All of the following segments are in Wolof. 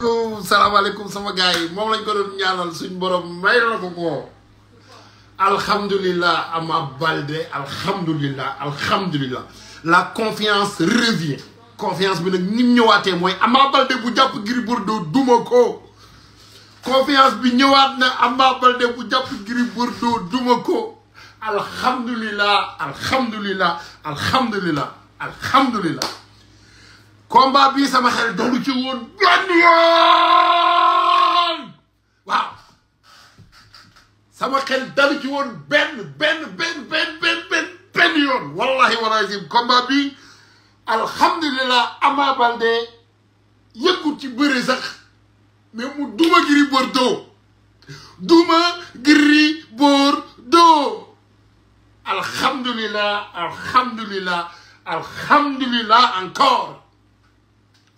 salaamaaleykum salaamaaleykum sama gars moom lañ ko doon ñaanal suñ borom may la ko ko alhamdulilah Ama Baldé alhamdulilah alhamdulilah la confiance revient confiance bi nag ñim ñëwaatee mooy Ama Baldé bu jàpp Gris Bordeaux duma ko confiance bi ñëwaat na Ama Baldé bu jàpp Gris Bordeaux duma ko alhamdulilah alhamdulilah alhamdulilah alhamdulilah combat bii sama xel dalu ci woon benn yoon waaw sama xel dalu ci woon benn benn benn benn benn benn benn yoon wallahi walazim combat bii alhamdulilah Ama Baldé yëngu ci bëre sax duma Gris Bordeaux duma Gris Bordeaux alhamdulilah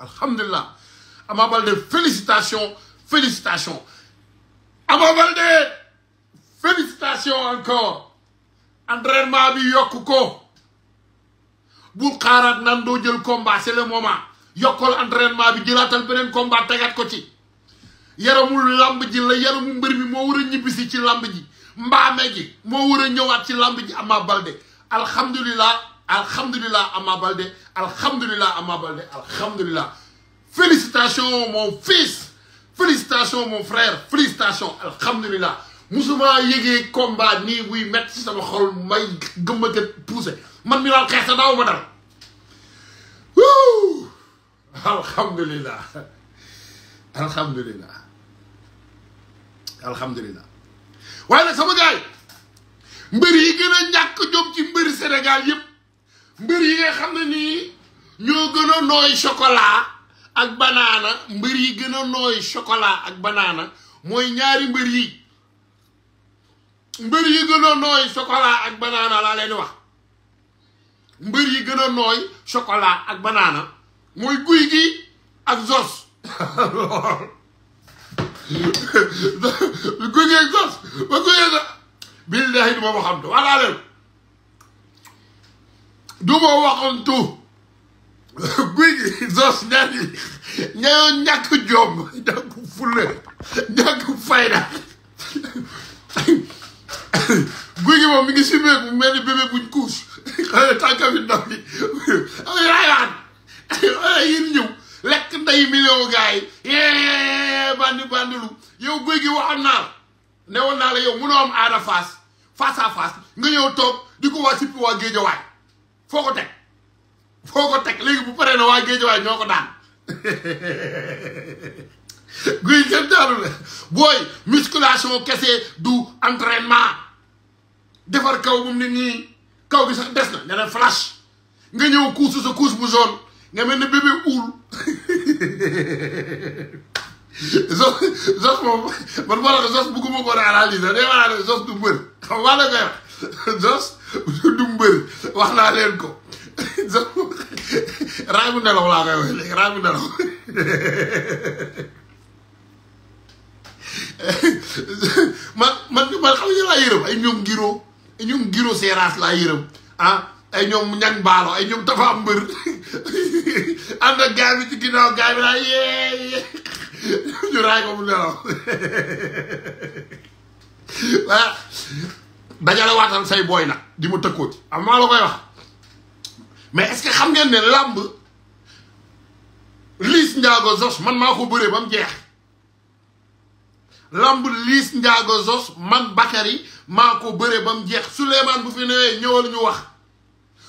alhamdulilah Ama Baldé félicitations félicitations Ama Baldé félicitations encore entraînement bi yokku ko bul xaaraat nan doo jël combat c'est le moment yokkal entraînement bi jëlaatal beneen combat tegaat ko ci yaramul lamb ji la yaramu mbër mi moo war a ñibbisi ci lamb ji mbaame ji moo war a ñëwaat ci lamb ji Ama Baldé alhamdulilah alhamdulilah Ama Baldé alhamdulilah Ama Baldé alhamdulilah félicitations mon fils félicitations mon frère félicitations alhamdulilah musuma yëgee combat nii buy métti si sama xol may gëmm a poussé man mi daal xeex sa daaw ma dal wuu alhamdulilah alhamdulilah alhamdulilah waaye nag sama gaay mbër yi gën a ñàkk ci mbëri Sénégal yëpp. mbër yi nga xam ne nii ñoo gën a nooy chocolat ak banaana mbër yi gën a nooy chocolat ak banaana mooy ñaari mbër yi mbër yi gën a nooy chocolat ak banaana laa leen wax mbër yi gën a nooy chocolat ak banaana mooy guy gi ak zos guy gi ak zos ba guy gi billahi duma ko xam te walla leen du ma waxantu guy gi Zoss ñaari ñoo ñàkk jom ñàkk fulla ñàkk fayda guy gi moom mi ngi simmee bu mel ni bébé buñ kuus xale tànka bi ndaw li am ay yéen ñëw lekk nday million gars yi yee bandi bandilu yow guy gi waxoon naa la ne woon naa la yow mënoo am aada face face à face nga ñëw toog di ko waa sippi waa géejawaay foo ko teg foo teg léegi bu paree na waa géejawaay ñoo ko daan guy kenn daanu la booy musculation kese du entraînement defar kaw moom nit ñi kaw bi sax des na nga def nga ñëw kuusu sa kuus bu jaune nga mel ne bébé uul Zos Zos moom man moo la ko Zos bugguma ko analyser day maanaam Zos du mbër xam nga la Zos du mbër wax naa leen ko raay bu nelaw laa koy wax léegi raay bu nelaw man man man xam nga laa yërëm ay ñoom giro ay ñoom giro ah, ay ñoom ñang ay ñoom dafa am mbër ànd ak gaay bi ci ginnaaw gaay bi ko mu nelaw waaw dajale waatal say booy nag di ma tëkkooti am maa la koy wax mais est-ce que xam ngeen ne làmb liis njaago zos man maa ko bëree ba mu jeex làmb liis njaago zos man Bakary maa ko bëree ba mu jeex Souleymane bu fi newee ñëwal ñu wax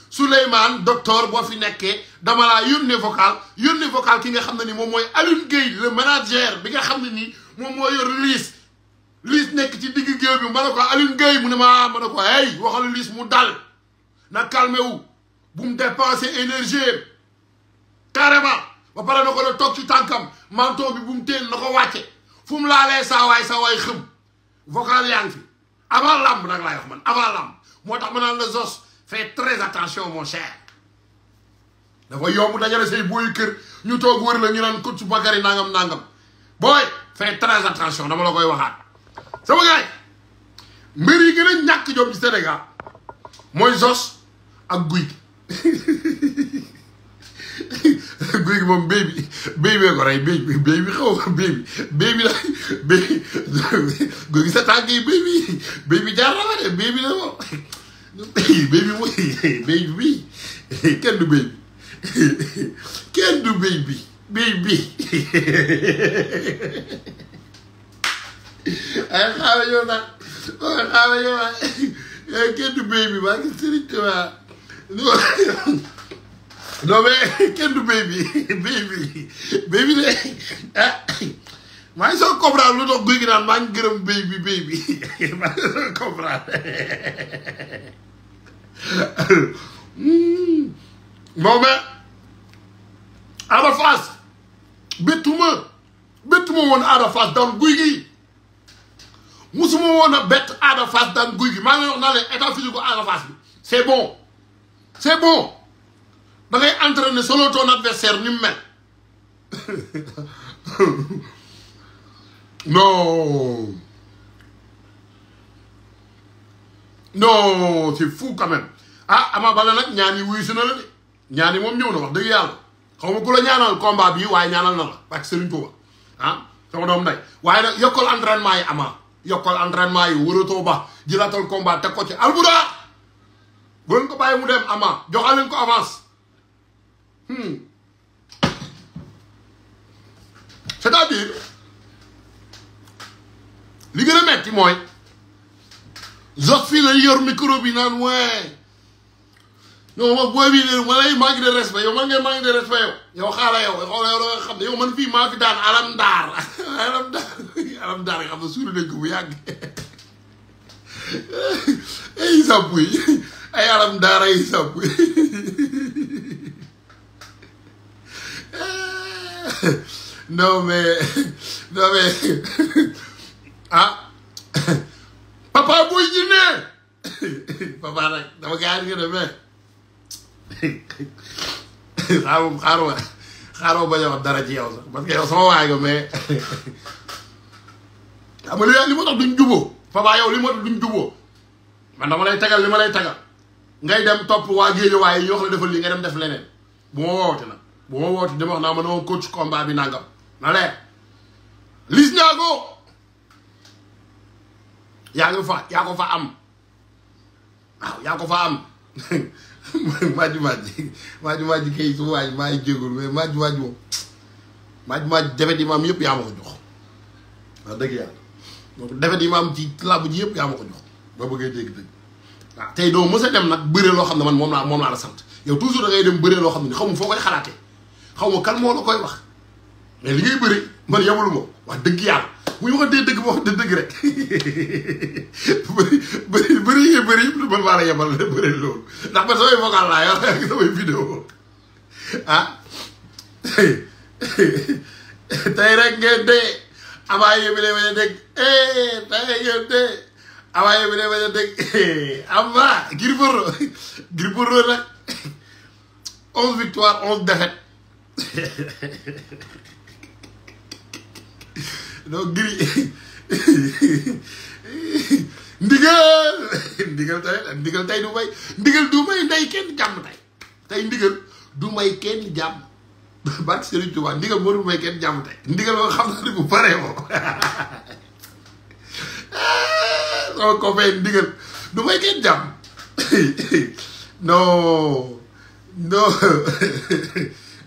Souleymane docteur boo fi nekkee dama laa yónnee vocal yónnee vocal ki nga xam ne ni moom mooy Alioune Gueye le manager bi nga xam ne nii moom moo yor liis liis nekk ci digg géew bi ma ne ko Alioune Gueye mu ne ma ma ne ko hey waxal mu dal na calmé wu bu mu dépensé énergie carrément ba pare na ko la toog ci tànkam manteau bi bu mu téen na ko wàcce fu mu laalee saawaay saawaay xëm vocal yaa ngi fi nag laay wax man avant lamb moo tax ma naan la Zoss fais très attention mon cher dafa yomb dajale say booyu kër ñu toog wër la ñu naan coach Bakary nangam nangam booy fais très attention dama la koy waxaat sama gaay mbir yi gën a ñàkk Sénégal mooy sos ak guy gi guy gi moom béy bi ko rey béy bi la béy guy sa tànk yi béy bi béy bi jaar de béy la moom béy bi mooy béy bi kenn du béy bi kenn du béy ay xaaral yow nag waaye xaaral yow nag eh, kenn du béy bi waa ngi sëriñ te waa non mais kenn du béy bi béy bi béy bi de ah maa ngi soog comprendre lu tax woon Ada Fass daan guy musuma woon a bett Ada Fass daan guy gi maa ngi wax naa leen état physique bu Ada Fass bi c' est bon c' est bon da ngay entraîner selon ton adversaire ni mu mel non non c' est fou ah, Ama Baldé ñaan yi wuyu si na la de ñaan ni moom ñëw na wax dëgg yàlla xaw ma ku la ñaanal combat bi waaye ñaanal na la ak Serigne Touba ah sama doom nday waaye nag yokkal entraînement yi Ama yokkal entraînement yi wëratoo ba jëlaatal combat teg ko ci albuda bu leen ko bàyyi mu dem ama joxal leen ko avance hmm. c'est-à-dire li gën a metti mooy jos fii lay yor micro bi naan waaye non ma booy bii de ma lay manque de respect yow man ngay manque de respect yow yow xaala yow xoola yow la nga xam ne yow man fii maa fi daan alam daar alam daar aram daara xam na suuri nañ ko bu yàgg ay sàpp ay aram daara ay sàpp yi non mais non mais ah papa booy jinne papa nag dama gaar nga demee xaaral xaaral xaaral bañ a wax dara ci yow sax parce waay nga mais xam nga li moo tax duñ juboo Papa yow li moo tax duñ juboo man dama lay tagal li ma lay tagal ngay dem topp waa géej waaye ñoo xam ne defal lii nga dem def leneen bu ma woote nag bu ma woote dama wax naa ma ne ma coach combat bi nangam na leer Liss Ndiago yaa fa yaa ko fa am waaw yaa ko fa am maaj maaj maaj maaj kay maa ngi jégul maaj maaj moom maaj maaj jafe di maam yëpp yaa ma ko jox wax donc defet yi ma am ci làmb ji yëpp yaa ma ko jox ba bëggee dégg dëgg waaw tey doo mës dem nag bëre loo xam ne man moom laa moom laa la sant yow toujours da ngay dem bëre loo xam ne xaw koy xalaatee xaw ma kan moo la koy wax mais li ngay bëri man yabulu ma wax dëgg yàlla bu ñu waxantee dëgg ma wax dëgg rek bëri bëri bëri yee bëri yëpp man maa la yebal bëri loolu ndax man samay vocal laa yor ak samay ah. tey rek ngeen dee abaa yébi la wene dégg tayegante amaa yow mii dafay dégg Ama Gris Bordeaux Gris Bordeaux nag onze victoire onze défaite donc Gris ndigal ndigal tey ndigal tey du may ndigal du may ndey kenn jàmm tey tey ndigal du may kenn jàmm barke Serigne Touba ndigal moo du may kenn jàmm tey ndigal ba xam naa ne bu paree moom sama copain ndigal du may kenn jàmm non non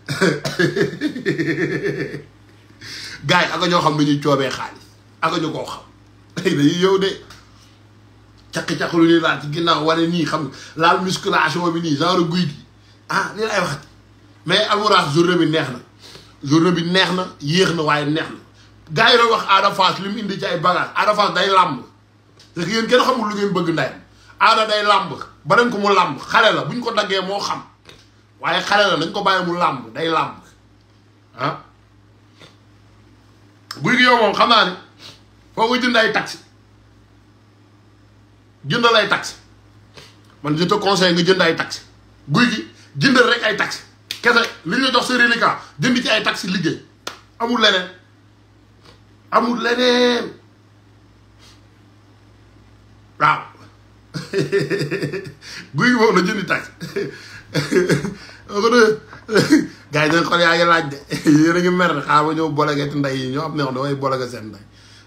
gars yi aka ñoo xam ne ñuy coobee xaalis aka ñu koo xam dañuy eh, yow de caq-caq lu ñuy laal ci ginnaaw wane nii xam laal musculation bi nii genre guy gi ah li laay waxat mais almourage journée bi neex na journée bi neex na yéex na waaye neex na gars yi doon wax Ada lim li indi ci ay bagage Ada day làmb rek yéen kenn xamul lu ngeen bëgg ndayam Ada day làmb ba nañ ko mu làmb xale la bu ñu ko daggee moo xam waaye xale la dañ ko bàyyi mu làmb day làmb ah guy gi yow moom xam naa ne foo ko jënd ay taxi jëndal ay taxi jënd ay taxi guy gi jëndal rek ay taxi kese li ñu jox sa reliquat jënd ci ay taxi liggéey amul leneen amul leneen guy gi moom la jëndi tax gars yi dañ xool yaa ngi laaj de yéen ngi mer ne xaaral ma ñëw bologe te ndey yi ñoo am neex damay bologe seen ndey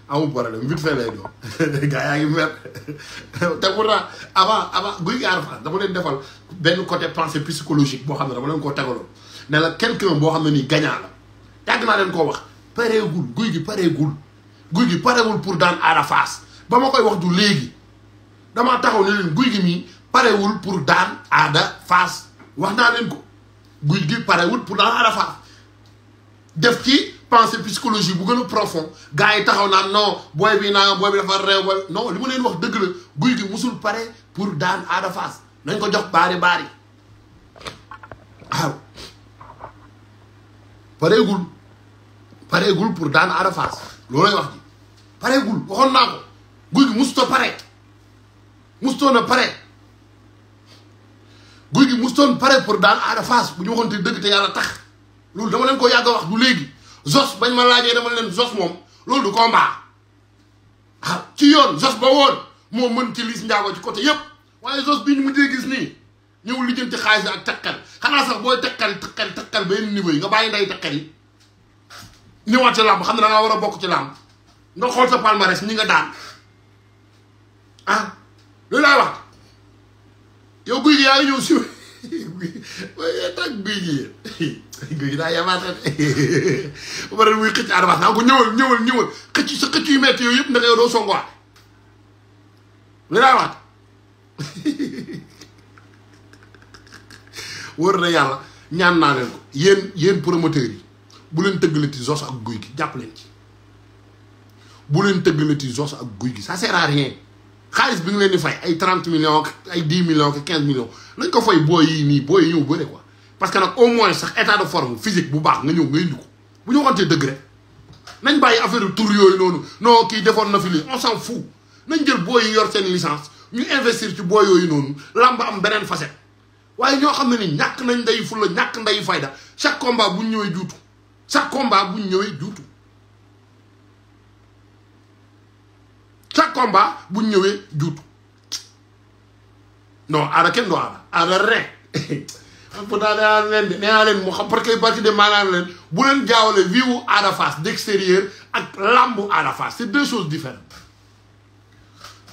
amul problème vite fait lay doon gars yaa ngi mer te pourtant avant avant guy gi aar fa dama leen defal benn côté pensée psychologique boo xam ne dama leen koo tegaloon ne la quelqu'un boo xam ne nii gagnant la yàgg naa leen koo wax. pareegul guy gi pareegul guy gi parewul pour daan Ada Fass ba ma koy wax du léegi damaa taxaw ne leen guy gi mii parewul pour daan Ada Fass wax naa leen ko guy gi parewul pour daan Ada Fass def ci pensée psychologie bu gën a profond gars yi taxaw naan non booy bi naa booy bi dafa reew booy non li ma leen wax dëgg la guy gi musul pare pour daan Ada Fass nañ ko jox baari baari waaw pareegul pare pareegul pour daan Ada Fass loolooy wax ji pareegul waxoon naa ko guy gi musto pare mustoon na pare guy gi mustoon pare pour daan Ada Fass bu ñu waxoon te dëgg te yàlla tax loolu dama leen ko yàgg a wax du léegi Zoss bañ ma laajee dama leen Zoss moom loolu du combat ah ci yoon Zoss ba woon moo mën ci Liss Ndiago ci côté yëpp waaye Zoss bi ñu mujjee gis nii ñëw lijjanti xaalis ak takkal xanaa sax booy takkal takkal takkal ba yenn niveau yi nga bàyyi nday takkal yi ñëwaat ci làmb xam ne da ngaa war a bokk ci làmb nga xool ñi nga daan ah lu laay wax yow guy ñëw si waaye tag guy gi guy gi daa yemaata de bu ma muy xëcc advance naa ko ñëwal ñëwal ñëwal xëcc sa xëcc yu metti yooyu yëpp naka yow doo songuwaat lu laay wax wóor na yàlla ñaan naa leen ko yéen yi bu leen tëggalati Zos ak guy gi jàpp leen ci bu leen tëggalati Zos ak guy gi sa sert à xaalis bi nga leen di fay ay 30 millions ay 10 millions ak 15 millions nañ ko fay booy yii nii booy yi ñëw bëre quoi parce que nag au moins sax état de forme physique bu baax nga ñëw nga indi ko bu ñu waxantee dëgg rek nañ bàyyi affaire tour yooyu noonu non kii defoon na fi lii on s'en fout nañ jël booy yi yor seen licence ñu investir ci booy yooyu noonu làmb am beneen facette waaye ñoo xam ne ni ñàkk nañ nday fulla ñàkk nday fayda chaque combat bu ñu ñëwee juutu chaque combat bu ñëwee juutu chaque combat ñëwee juutu non aada kenn du aada aada rek pourtant danaa leen de neenaa leen mu xam parce que parti de maanaam leen bu leen jaawale viwu Ada Fass d'extérieur ak làmbu Ada Fass c'est deux choses différentes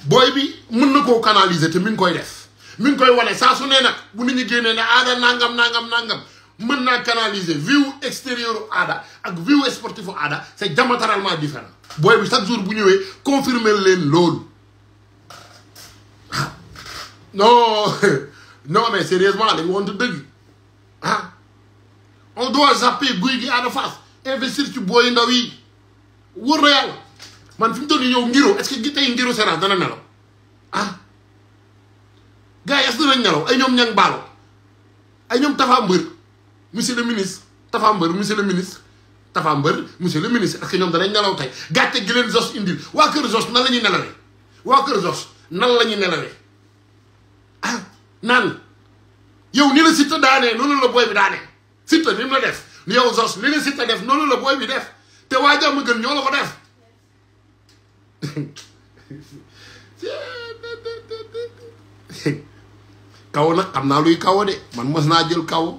booy bi mun na koo canaliser te mi ngi koy def mi ngi koy wane saa su ne nag bu nit génn génnee ne aada nangam nangam nangam mën naa canaliser vue extérieure ada ak vue sportive aada c'est diamétralement différent booy bi chaque jour bu ñëwee confirmer leen loolu ah non non sérieusement dañu waxante dëgg ah on doit zapper guy gi aada face investir ci booy ndaw yi wóor man fi mu toll nii yow ngiro est-ce que tey ngiro séance dana nelaw ah gars yi est-ce nelaw ay ñoom ñang baalo ay ñoom tafa mbër monsieur le ministre Tafa Mbër monsieur le ministre Tafa Mbër monsieur le ministre est-ce que ñoom danañ nelaw tey gàcce gi leen Zos indil waa kër Zos nan la ñuy nelawee waa kër Zos nan la ñuy nelawee ah naan yow ni la Siteu daanee noonu la booy bi daanee Siteu ni mu la def yow Zos li la Siteu def noonu la booy bi def te waa jàmm gën ñoo la ko def. kaw nag xam naa luy kaw de man mos naa jël kaw.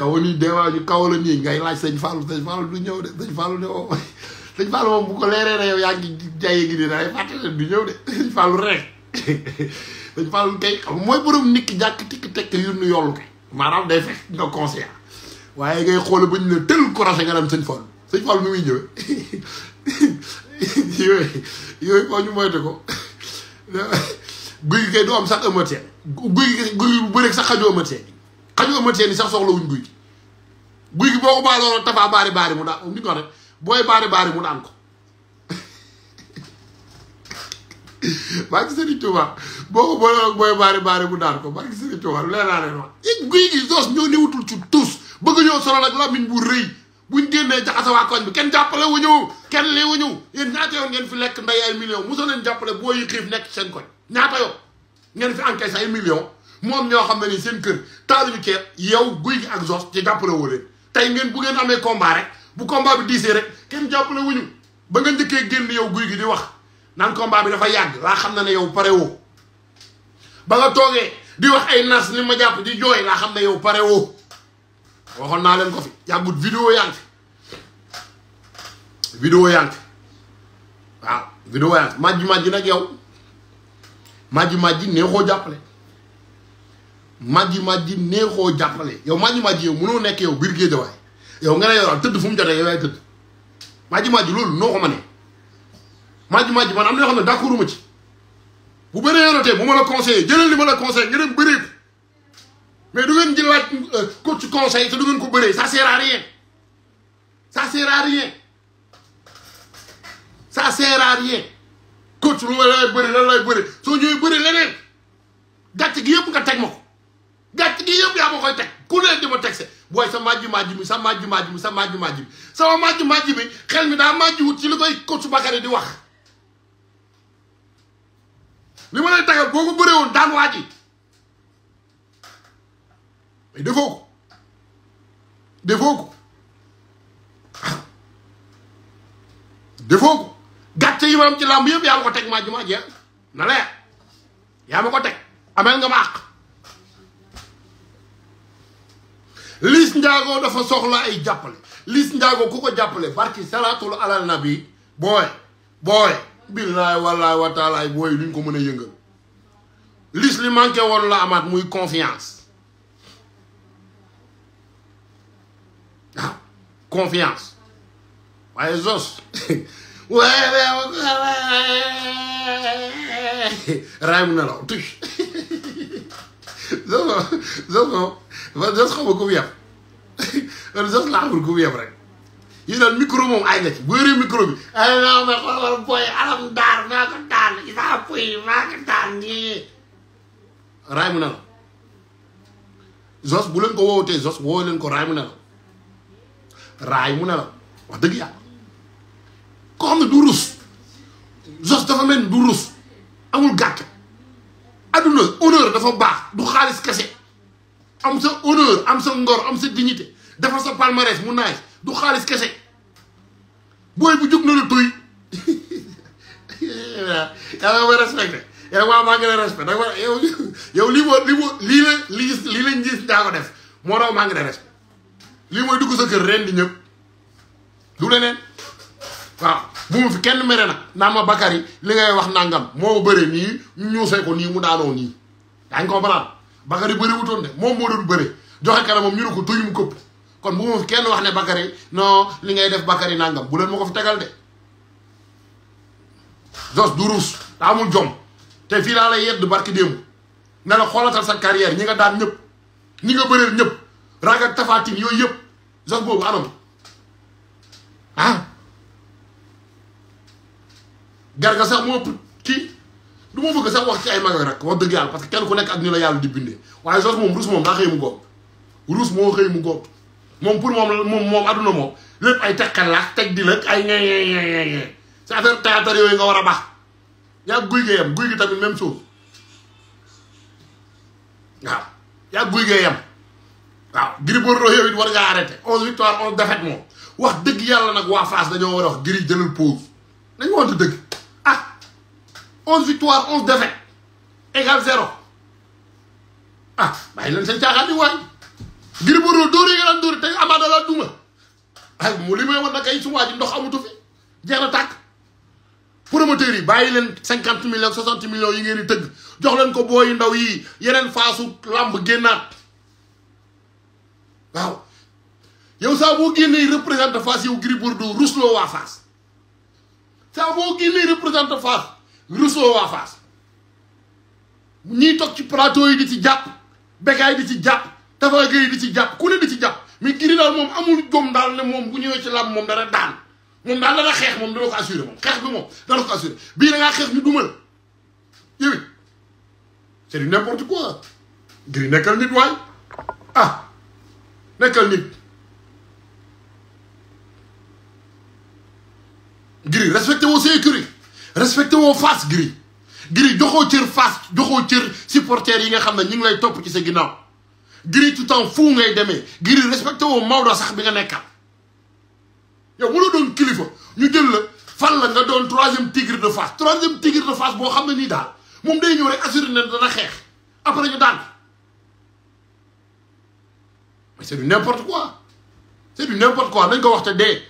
kawal nii des fois ñu kawal nii ngay laaj sëñ Fallou sëñ Fallou du ñëw de sëñ Fallou ne moom sëñ Fallou moom bu ko leeree na yaa ngi jaayee gi nii da ngay du ñëw de sëñ Fallou rek sëñ Fallou kay mooy borom nit ki tikk tekk yu nu yollu maanaam day fekk nga conscient ngay xool ba ñu ne tël croisé nga dem sëñ Fallou sëñ Fallou mi muy ñëwee yooyu yooyu foo ñu moytu ko guy gi kay du am sax ëmmatee guy bu bëreeg sax xajoo ëmmatee. xaju ëmatien yi sax soxla wuñ guy gi guy boo ko baaloon tafaa baari baari mu daan ni rek booy baari baari mu daan ko barke Serigne Touba boo ko boole booy baari baari mu daan ko barke Serigne Touba leer naa leen wax i guy gi doos ñoo newutul ci tous bëgg ñoo solo ak lamiñ bu rëy buñ génnee jaxase waa koñ bi kenn jàppale wu ñëw kenn lii wu ñëw yéen ñaata yoon ngeen fi lekk nday ay million mosoo leen jàppale boo yi xiif nekk seen koñ ñaata yoon ngeen fi encaissé ay million moom ñoo xam ne nii seen kër taal taaluñu ceeb yow guy gi ak zos ci jàppale woo leen tey ngeen bu ngeen amee combat rek bu komba bi diisee rek kenn jàppale wuñu ba nga njëkkee génn yow guy gi di wax naan combat bi dafa yàgg laa xam na ne yow pare woo ba nga toogee di wax ay nas ni ma jàpp di jooy laa xam ne yow pare woo waxoon naa leen ko fi yàggut vidéo yaa ngi fi vidéo yaa ngi waaw vidéo yaa ngi fi nag yow majji majji neexoo jàppale majji majji neexoo jàppale yow majji majji yow mënoo nekk yow biir géejawaay yow nga ne yow tëdd fu mu jotee yow yaay tëdd majji majji loolu noo ko ma ne majji majji man am na yoo xam ne d'accord ma ci bu bu ma la conseillé jëlal li ma la conseillé nga dem bëree ko mais du ngeen euh, conseil te du ngeen ko bëree ça sert à rien ça sert à rien ça sert à rien coach lu ma lay bëri lan soo ñëwee bëri gi yëpp nga teg ma gàcc gi yëpp yaa ma koy teg ku ne di ma teg se booy sa majji majji mi sa majji majji mi sa majji majji mi sama majji majji mi xel mi daa majji wut ci li koy coach Bakary di wax li ma lay tagal boo ko bëree woon daan waa ji mais defoo ko defoo ko defoo ko gàcce yi ma am ci làmb yëpp yaa ma ko teg majji majji yaa ah. na leer yaa ma ko teg amel nga ma àq lis Ndiago dafa soxla ay jàppale Liss Ndiago ku ko jàppale barki salaatul alal nabi booy booy billaay wallaay wa taalaay booy luñ ko mën a yëngal Liss li manqué woon la amaat muy confiance waaw confiance waaye Zoss raay mu nelaw tuuti Zoss Zoss man jos xaw ma ku mu yem man jos laa xamul ku mu yem rek yi daal micro moom ay na ci bu yoree micro bi ay naa ma xoolal booy alam daar maa ko daal isaa puy maa ko daal nii raay mu ne la jos bu leen ko woowatee jos woow leen ko raay mu ne la raay mu ne la wax dëgg yàlla koo xam ne du rus jos dafa mel du rus amul gàtt adduna honneur dafa baax du xaalis kese am sa honneur am sa ngor am sa dignité defar sa palmarès mu naaj du xaalis kese booy bu jug na la tuy yàlla may yow waaw maa ngi lay respecté danga yow la gis daa def moo tax maa ngi lay respecté lii mooy dugg sa kër ren di ñëpp leneen waaw bu fi kenn mere na naa ma Bakary li ngay wax nangam moo bëree nii ñu ñuusee ko nii mu daanoo nii yaa ngi comprendre Bakary bëri wutoon de moom moo doon bëri joxe kanamam ñu ne ko tuñ mu këpp kon bu ma kenn wax ne Bakary non li ngay def Bakary nangam bu leen ma ko fi tegal de. Jos du ruus daa amul jom te fii laa lay yedd barki démb ne la xoolatal sa carrière ñi nga daan ñëpp ñi nga bëreel ñëpp rag tafaatin yooyu yëpp Jos boobu anam ah. Garga moo ëpp kii. du ma bëgg sax wax ci ay mag rek wax dëgg yàlla parce que kenn ku nekk ak ñu la yàlla di bindee waaye Zoss moom ruus moom daa mu góob ruus moo xëy mu góob moom pour moom moom moom adduna moom lépp ay teqal la teg di ay ñeeñeeñeeñee sa affaire théâtre yooyu nga war a baax yaa guy gee yem guy gi tamit même chose waaw yaa guy gee yem waaw Gris Bordeaux yow it war ngaa arrêté onze victoire onze défaite moom wax dëgg yàlla nag waa Fass dañoo war a wax Gris jëlal pause dañu wante dëgg onze victoire onze défaite égal zéro ah bàyyi leen seen caaxaan di waay Gris Bordeaux dóor yi nga daan dóor tey Ama da laa duma ay mu li may wan nag ay su waa ndox amutu fi jeex na tàkk promoteurs yi bàyyi leen cinquante millions soixante millions yi ngeen di tëgg jox leen ko booy ndaw yi yeneen faasu làmb génnaat waaw yow saa boo génnee représenté Fass yow Gris Bordeaux rusloo waa Fass saa boo génnee représenté Fass Rousseau waa Fass ñiy toog ci plateau yi di ci jàpp Bécaye di ci jàpp Tafa Gueye di ci jàpp ku ne di ci jàpp mais Gris daal moom amul jom daal ne moom bu ñëwee ci làmb moom dana daan moom daal dana xeex moom dana ko assuré moom xeex bi moom dana ko assuré bii da ngaa xeex ñu dumal yow it c'est du n'importe quoi Gris nekkal nit waay ah nekkal nit Gris respecté woo sa respecté woo Fass Gris Gris joxoo cër Fass joxoo cër supporters yi nga xam ne ñu ngi lay topp ci sa ginnaaw Gris tout temps fu ngay demee Gris respecté woo Maodo sax bi nga nekkal yow mu la doon kilifa ñu jël la fan la nga doon troisième tigre de Fass troisième tigre de Fass boo xam ne nii daal moom day ñëw rek assuré na dana xeex après ñu daan mais c'est du n'importe quoi c'est du n'importe quoi nañ ko wax te dee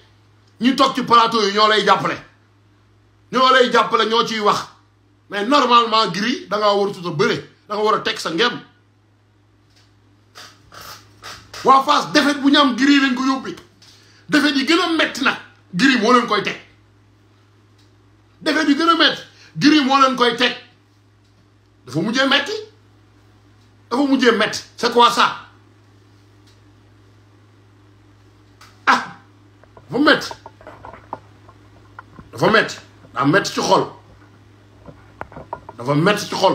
ñu toog ci plateau yi ñoo lay jàppale. ñoo lay jàppale ñoo ciy wax mais normalement Gris danga ngaa war a tuut a bëre da war a teg sa ngem waa Fass défaite bu ñu am Gris lañ ko yóbbi défaite yi gën a metti nag Gris moo leen koy teg défaite yi gën a metti Gris moo leen koy teg dafa mujjee metti dafa mujjee metti c'est quoi ça ah dafa metti dafa metti daa metti ci xol dafa metti ci xol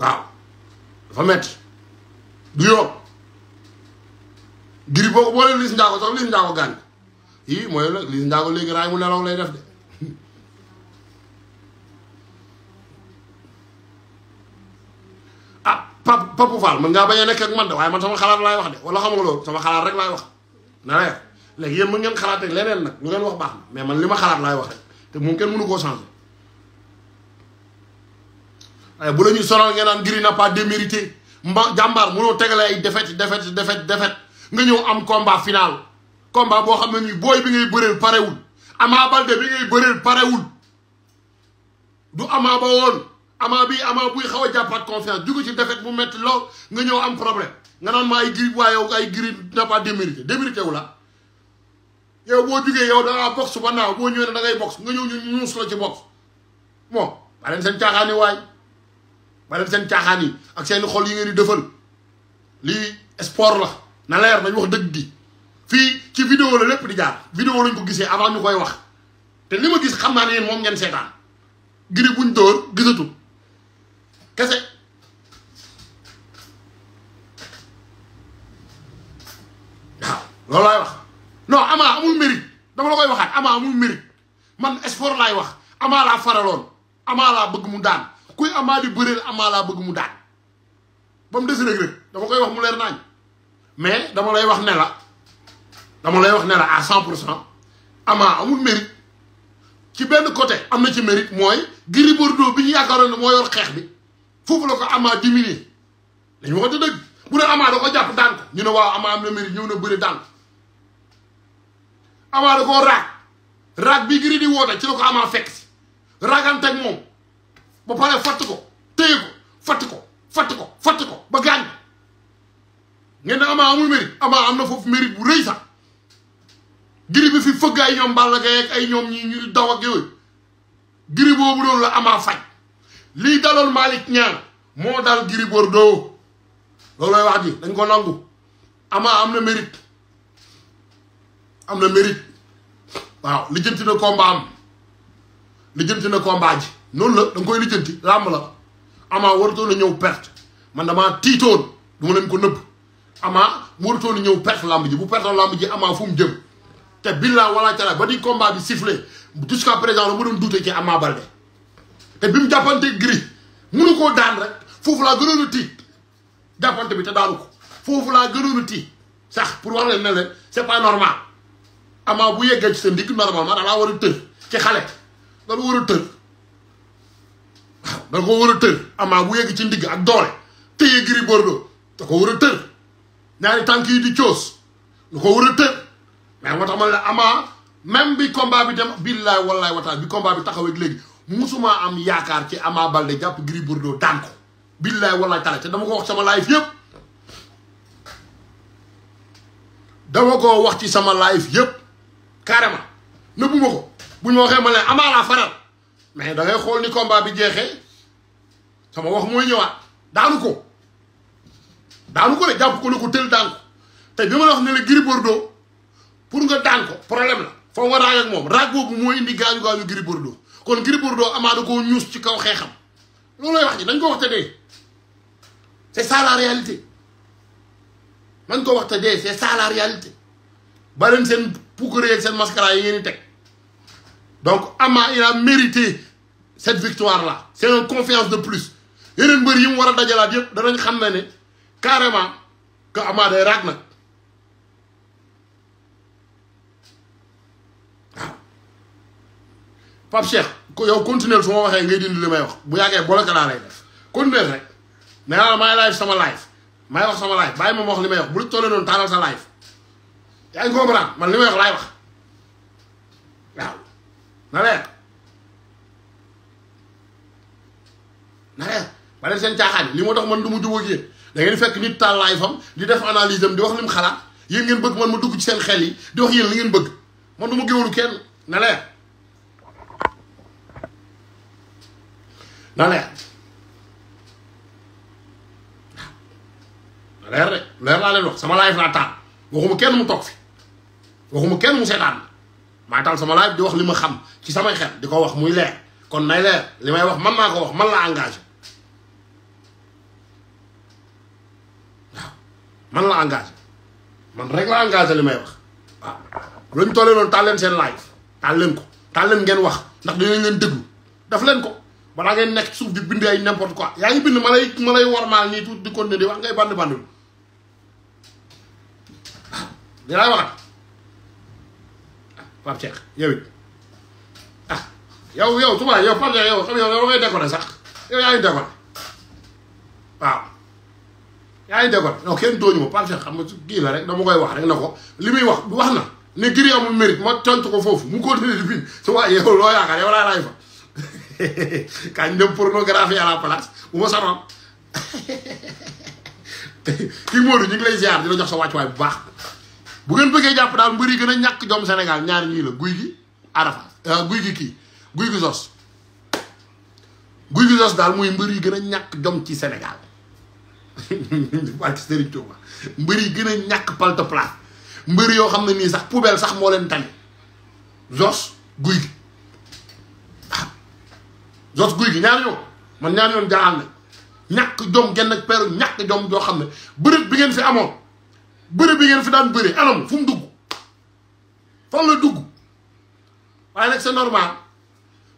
waaw dafa met du yoon giri boo ko boolee Liss Ndiago sax Liss yii mooy nag Liss Ndiago léegi raay mu nelaw lay def de ah Pape Pape Fall mën ngaa bañ a nekk ak man de waaye man sama xalaat laay wax de wala xam nga loolu sama xalaat rek laay wax na la léegi yéen mën ngeen xalaat rek leneen nag lu ngeen wax baax na mais man li ma xalaat laay wax rek te moom kenn mënu koo changer waaye bu la ñuy sonal naan Gris n'a pas mérité mba jàmbaar mënoo tegale ay défaite défaite défaite défaite nga ñëw am combat final combat boo xam ne nii booy bi ngay bëreel parewul Ama Baldé bi ngay bëreel parewul du Ama ba woon Ama bi Ama buy xaw a jàppaat confiance jugu ci défaite bu metti loo nga ñëw am problème nga naan ma ay Gris waaye ay Gris n'a pas démérité démérité wu la yow boo jugee yow dangaa box ba naaw boo ñëwee ne da ngay box nga ñëw ñu ñuus la ci box bon ba leen seen caaxaan yi waay ba seen caaxaan ak seen xol yi ngeen di dëfal lii sport la na leer nañ wax dëgg gi fii ci vidéo la lépp di jaar vidéo lañ ko gisee avant ñu koy wax te li ma gis xam naa ne moom ngeen seetaan giri buñ dóor gisatul kese waaw loolu laay wax non Ama amul mérite dama la koy waxaat Ama amul mérite man sport lay wax amaa laa faraloon Ama laa bëgg mu daan kuy Ama di bëreel Ama laa bëgg mu daan ba mu des Reug dama koy wax mu leer naañ mais dama lay wax ne la dama lay wax ne la à cent Ama amul mérite ci benn côté am na ci mérite mooy Gris Bordeaux bi ñu yaakaaroon ne moo yor xeex bi foofu la ko Ama diminuer dañu waxante dëgg bu ne Ama da ko jàpp daan ko ñu waaw Ama am na mérite ñëw na bëri daan amaa da koo raag raag bi giri di woote ci la ko amaa fekk si raagante ak moom ba pare fatt ko téye ko fatt ko fatt ko ba gaañ ngeen amaa amul mérite amaa am na foofu mérite bu rëy sax giri bi fi fëgg ay ñoom Balla Gaye ak ay ñoom ñi ñu daw ak yooyu giri boobu loolu la amaa faj lii daloon Malick Niang moo dal Gris Bordeaux loolooy wax ji dañ ko nangu amaa am na mérite am na mérite waaw lijjanti na combat am lijjanti na combat ji noonu la da koy lijjanti làmb la Ama waratoon na ñëw perte man damaa tiitoon du ma leen ko nëbb Ama waratoon na ñëw perte làmb ji bu pertoon làmb ji Ama fu mu jëm te billaa wala cara ba di combat bi sifflé jusqu'à présent la ma doon duute te bi mu jàppante gris mënu koo daan rek foofu laa gënoon a jàppante bi te daanu ko foofu laa gënoon a sax pour wax leen ne leen c'est pas normal amaa bu yeggee ci sa ndigg normalement da laa war a tër ci xale da la war a tër waaw da ko war a tër amaa bu yegg ci ndigg ak doole war a tër ñaari tànk yi di coos da ko war a tër mais moo tax la amaa même bi combat bi dem billaay wallaay wataal bi combat bi taxawee léegi musumaa am yaakaar ci Ama Baldé jàpp Gris Bordeaux daan ko billaay wallaay taala te dama ko wax sama live yëpp dama ko wax ci sama live yëpp carrément nëbbu ma ko bu ñu waxee ma ne Ama laa faral mais dangay xool ni combat bi jeexee sama wax mooy ñëwaat daanu ko daanu ko de jàpp ko ne ko tël daan ko te bi ma la wax ne la Gris Bordeaux pour nga daan ko problème la foo nga raag ak moom raag boobu moo indi gaañu gaañu Gris Bordeaux kon Gris Bordeaux Ama da koo ñuus ci kaw xeexam loolu lay wax ji dañ ko wax te dee c'est ça nañ ko wax te dee c'est ça puukaree ak seen mascara yi ngeen di teg donc Ama il a mérité cette victoire là c'est une confiance de plus yeneen mbër yi mu war a dajalaat yëpp danañ xam ne ni carrément que Ama day raag nag waaw Pape Cheikh yow continuer su waxee ngay dindi li may wax bu yàggee boloka laa lay def continuer rek nee naa la maay live sama live maay wax sama live bàyyi ma wax li may wax bu lu tollee noonu taalal sa live yaa ngi raa man li may wax laay wax waaw na leer na leer ba leen seen caaxaan li ma dox man du mu jubóog yéen da ngeen fekk nit tàllaay fam di def analyse am di wax li mu xalaat yéen ngeen bëgg man ma dugg ci seen xel yi di wax yéen li ngeen bëgg du ma géwalu kenn na leer na leer leer rek leer laa leen wax sama live laa taal waxuma kenn mu toog fi waxuma kenn mu seetaan maay taal sama live di wax li ma xam ci samay xel di ko wax muy leer kon nay leer li may wax man maa ko wax man la engage waaw man la engage man rek la engagé li may wax waaw luñ tollee noonu taal leen seen live taal leen ko taal leen ngeen wax ndax dinañ leen déglu daf leen ko balaa ngeen nekk suuf di bind ay n'importe quoi yaa ngi bind ma lay ma lay warmaal nii tuuti di continuer di wax ngay band band bi waaw di Pape Cheikh yow it ah yow yow su ma yow Pape Cheikh yow xam yow yow ngay déconné sax yow yaa ngi déconné waaw yaa ngi déconné non kenn dooñu ma Pape Cheikh xam nga kii la rek dama koy wax rek na ko li muy wax wax na ne Gris amul mérite ma tontu ko foofu mu continuer di bind su ma yow loo yaakaar yow laa laay fa kañ dem pornographie à la place bu ma sanoon kii Modou ñu ngi lay ziar di la jox sa wàccuwaay bu baax. bu ngeen bëggee jàpp daal mbër yi gën a ñàkk jom Sénégal ñaari ñii la guy gi Arafa euh, guy gi kii guy gi sos guy gi sos daal muy mbër yi gën a ñàkk jom ci Sénégal barke Serigne Touba mbër yi gën a ñàkk palte plat mbër yoo xam ne nii sax poubelle sax moo leen tane jos guy gi waaw ah. jos guy gi ñaari yoon man ñaari yoon jaaxal na ñàkk jom genn ak peeru ñàkk jom joo xam ne bërëb bi ngeen fi amoon bëre bi ngeen fi daan bëre anam fu mu dugg fan la dugg waaye nag c'est normal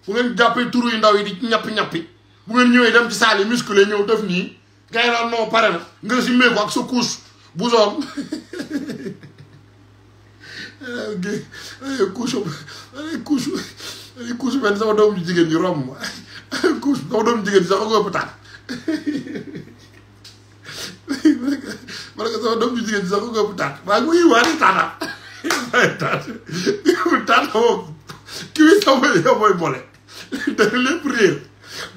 ngeen jàppee turu yu ndaw yi di ñappi-ñappi bu ngeen ñëwee dem ci saal yi musculé ñëw def nii gars yi naan non pare na nga si meeku ak sa couche bu soom eh, eh, couche eh, couche couche benn sama doom ju jigéen ñi romb couche sama doom jigéen ñi sax ak ëpp taal ma ne ko sama doom ju jigéen ko ëpp taat waaye mu yiwaale taataam yiwaale taat yiwaale ki muy saw yow mooy boole dana lépp réer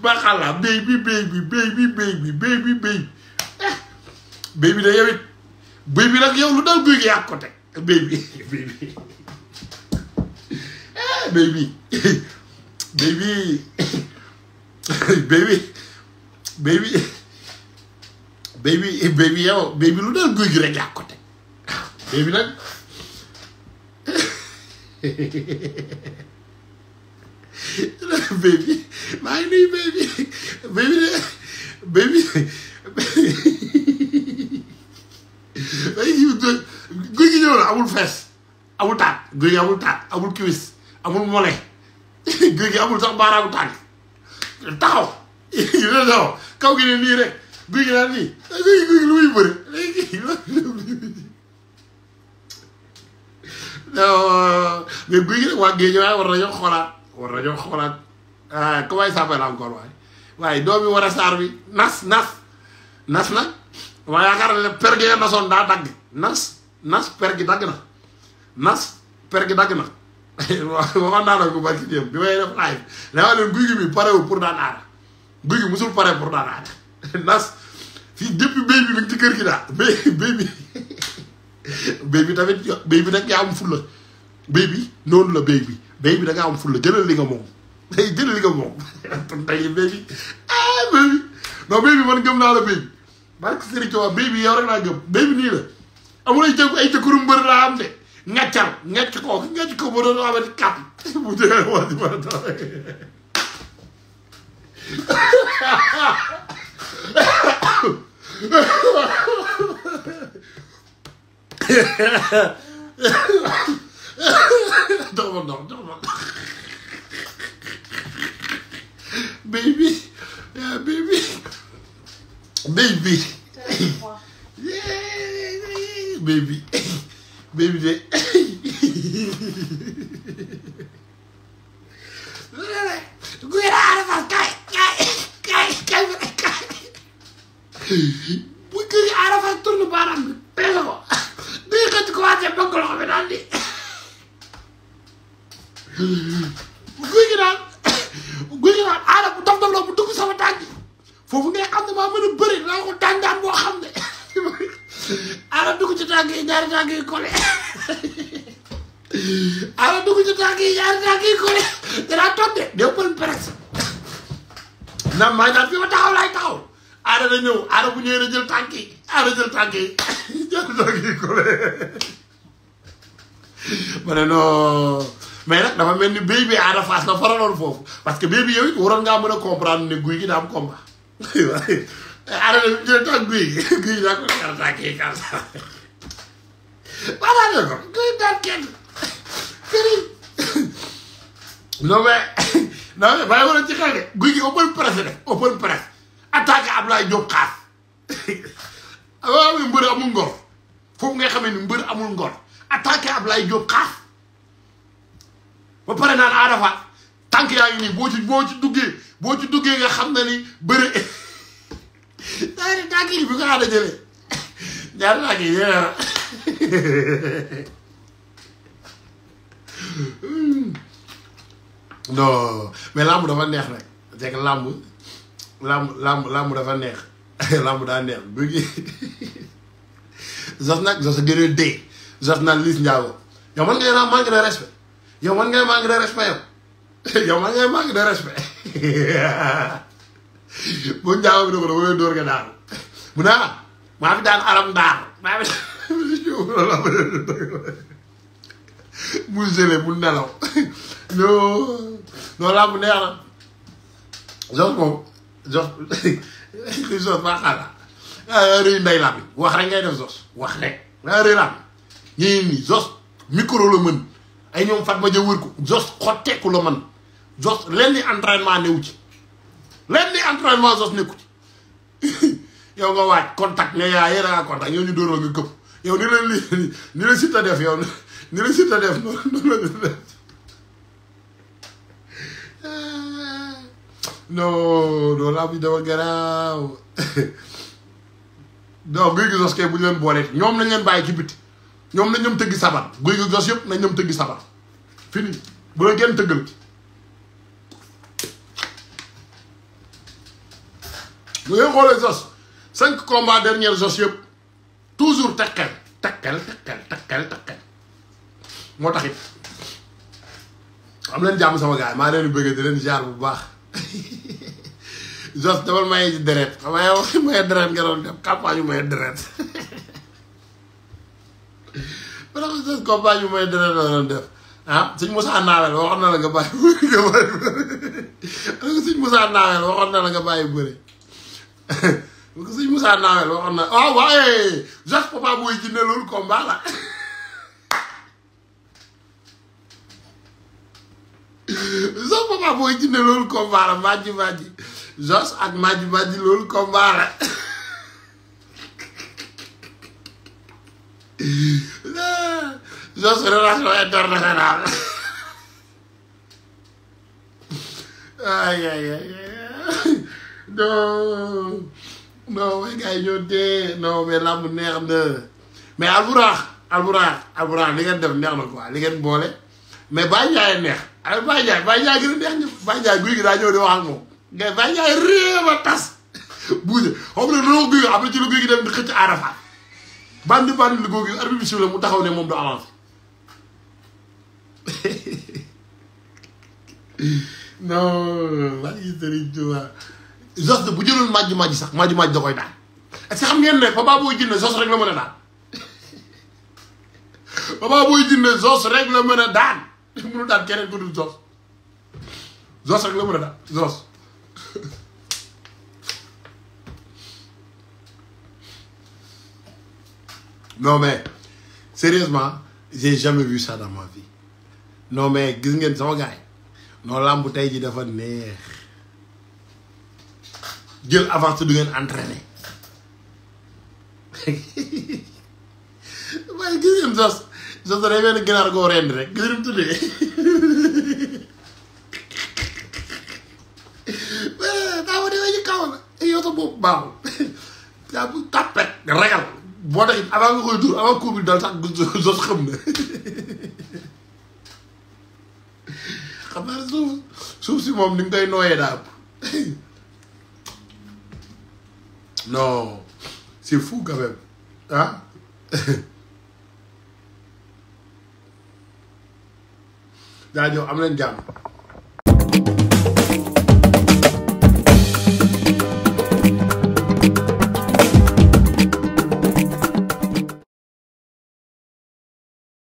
baxala béy bi béy bi béy bi béy bi béy bi béy eh, béy bi da yow it nag yow lu béy bi eh, béy bi yow béy bi lu dal guy gi rek yaa ko teg béy bi nag béy bi maa ngi nuyu béy bi béy bi béy bi béy bi guy gi ñëw na amul fees amul taat guy gi amul taat amul kiwis amul mole guy gi amul sax baaraamu tànk taxaw yu guy gi naan kii guy guy lu muy bëre léegi mais guy gi nag waa géej waaye war nañoo xoolaat war nañoo xoolaat ah comment il s'appelle encore waaye waaye doomi war a saar bi nas nas nas nag waaye yaakaar ne per gi nasoon daa dagg nas nas per gi dagg na nas per gi dagg na wa naa la ko barki démb bi may def live dama gi bi parewul pour daan aara daan aara nas fii depuis béy bi mi ngi ci kër gi daal béy bi béy bi tamit bi nag yaa am fulla béy bi noonu la béy bi béy bi da am fulla jëlal li nga moom day jëlal li nga moom tey béy bi ah béy bi non béy bi man gëm naa la béy bi barke Serigne Touba béy bi yow rek nii la amul ay jëkk ay jëkkëru laa am de ngaccal ngacc ko ngacc ko ba doon amati kàpp bu jëlee wax ji ma jox ma ndox jox ma ndox baby yeah, baby baby yeah, baby baby de kay kay kay kay bu kër yi Arafa tourne baaraam bi peese ko day xëcc ko wàccee bëgg loxo bi daal di guy gi daal guy gi daal aara bu dof dof la bu dugg sama tànk foofu ngay xam ne maa mën a bëri naa ko daan daan boo xam ne aara ci tànk yi ñaari ci tànk yi ñaari tànk yi collé danaa toog de déw pël presse na maa naan fi ma taxaw aada na ñëw aada bu ñëwee na jël tànk yi aada jël tànk yi jël tànk yi ko ma ne non mais nag dafa mel ni béy bi aada na faraloon foofu parce que béy bi yow it waroon ne guy gi daa am combat aada na jël tànk guy gi guy gi daa ko kar tànk yi kar waaw ne ko guy daan kenn këriñ non attaqué Ablaye Diop xaas waaw mbër amul ngor foofu nga xamee ni mbër amul ngor attaqué Ablaye Diop xaas ba pare naan Ada Fass tànk yaa ngi nii boo ci boo ci duggee boo xam ne ni bëri daa ne tànk yi bi nga Ada jëlee ñaari tànk yi hmm. non neex rek c'est que làmb làmb làmb dafa neex làmb daa neex bëgg Zoss nag Zoss gën a dee Zoss naan Liss Ndiago yow man ngay naan manque de respect yow man ngay manque de respect yow yow man ngay manque de respect bu Ndiago bi ne ko dama lay dóor nga daal bu naa maa fi daan alam daar maa fi mu jëlee mu nelaw non non làmb neex na Zoss moom Zos Zos waa xaaral ah rëy nday laa wax rek ngay wax rek ah rëy laa bi ñu nii Zos ay ñoom Fatma Dia wër ko Zos xotteeku la mën Zos lenn di entraînement newu ci lenn di entraînement Zos nekku yow nga waaj contact ne yaa yéen a ngaa contact yow ñu dóoroo nga këpp non non làmb ji dafa garaaw non guy gi sos kay bu ñu leen boolee ñoom nañ leen bàyyi ci ñoom nañ ñoom tëggi sabar guy gi sos yëpp nañ ñoom tëggi sabar fini bu la kenn tëggal bu ngeen xoolee sos cinq combats dernier sos yëpp toujours teqel teqel teqel teqel moo taxit am leen jàmm sama gars maa leen bëgg di leen ziar bu baax Jos dafal maye ji deret xam nga yow maye deret nga doon def campagne yu maye deret ma ne ko Jos campagne yu maye deret la doon def ah suñ Moussa Nawel waxoon na la nga bàyyi nga bàyyi bëri suñ Moussa Nawel waxoon na la nga bàyyi bëri suñ Moussa Nawel waxoon na waaw ah, waaye Jos papa booy jinne loolu combat la sa papa mooy jinne loolu combat la majji majji Jos ak majji majji loolu combat la Jos relation internationale ay ay ay non non mais gars yi ñoo dee non mais làmb neex na mais alburax alburax alburax li ngeen def neex na quoi li boole mais bàyyi jaayee neex. ay Baye Ndiaye Baye Ndiaye gën a neex ñu Baye Ndiaye guy gi daa ñëw di wax ak moom ngay a tas buuse ci lu guy mu taxaw ne moom du bu jëloon màjj màjj sax màjj majj da koy daan est-ce que xam ngeen ne Papa Boy Djiné Zos rek la mën a daan Papa mën a daan mënul daan keneen ku dul Zoss Zoss rek la mën a daan Zoss non mais sérieusement j'ai jamais vu ça dans ma vie non mais gis ngeen sama gars yi non làmb tey ji dafa neex jël avance du ngeen entraîné waaye gis ngeen Zoss soo soo dee benn ginaar goo rend rek gis nga tuddee daa ma demee ci kaw la yow sa boobu baaxul daa bu tàppet ragal boo tax it avant nga koy dur avant coup bi dal sax sos xam na xam naa ne suuf suuf si moom ni nga koy nooyee daa non c'est fou quand même ah jaajëf am leen jàmm